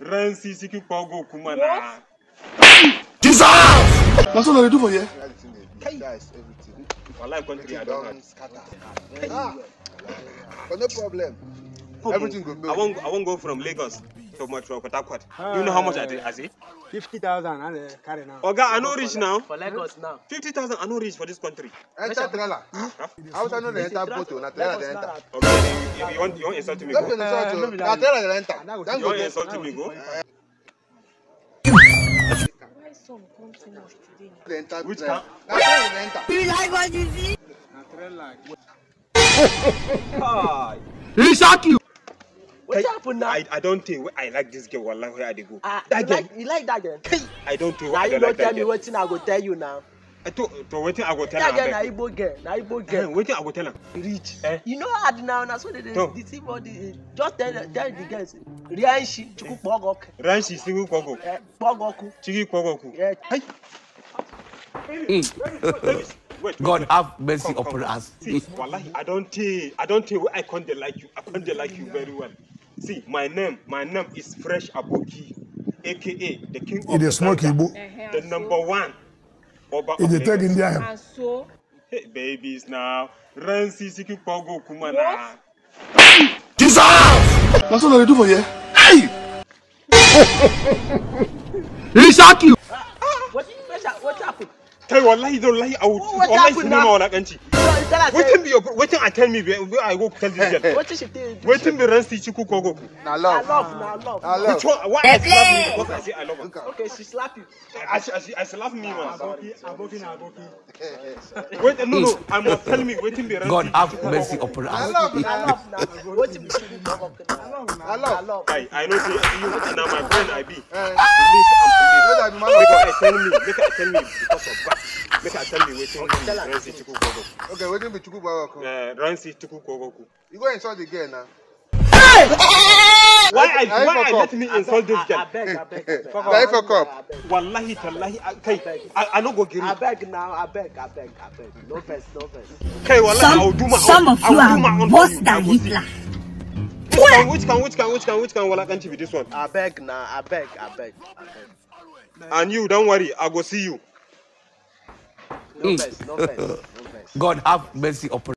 Rancy Siki Pogo Kumana. Deserve! That's what I do for you. That's everything. For life country, I don't scatter. Ah. But no problem. Everything go. I won't, I won't go from Lagos. so much for Uh, you know how much I did, Azi? 50,000. I carrying now. God, I not rich now. For Lagos now. 50,000, I not rich for this country. Enter trailer. Hmm? How I know the enter photo? Oh? Na trailer the enter. Okay. you want you want insult me go? Eh, Don't the enter. Don't go insult me go. Which car? You like what you see? Richard, you. What happened now? I, I don't think I like this girl. Wallah, where are they go. Ah, that you girl. Like, you like that girl? I don't think. Now you don't tell me that me wetin I go tell you now. Eh, to, to wetin I go tell am. That girl na Igbo girl. Na Igbo eh, girl. Wetin I go tell her? Rich. Eh? You know how now na so dey dey deceive all the just tell tell the girls. Rianshi chukwu kpọgọkụ. Rianshi singu kpọgọ. Eh, kpọgọkụ. Chigi kpọgọkụ. Hey. wait, God wait. have mercy come, upon come. us. See, wallahi, I don't think I don't think I can't like you. I can't like you very well. See, my name, my name is Fresh Aboki, aka the king of the smoky bo- the number one. Oba It's the third Indian. So, hey, babies now. Run Sisiki Pogo Kumana. Jesus! That's what they do for you. Hey! Ah, you. What happened? Tell you, lie don't lie out. What happened? wala kanchi wetin be your wetin i tell me wey i go tell this girl wetin she tell you cook be ransi chiku na love na love na love which one why i slap you because i say i love her okay she slap you i I, i slap me man. aboki aboki na aboki wait no no i must tell me wetin be ransi god have mercy upon us i love na love na wetin na love na love i i know say you na my friend i be eh make i tell me okay wetin be Chukwugogoku. Uh, eh, Ransi Chukwugogoku. you go insult the girl na. why i why i let me insult this girl. abeg abeg abeg. na ife cup. wallahi tallahi kai i no go gree. abeg na abeg abeg abeg no vex no vex. kai wallahi i will do my own some of you are worse than Hitler. Which can, which can, which can, which can, which can, which can, which can be this one? Abeg na, abeg, abeg, abeg. And you, don't worry, I go see you. No mm. offense, no offense. God have mercy upon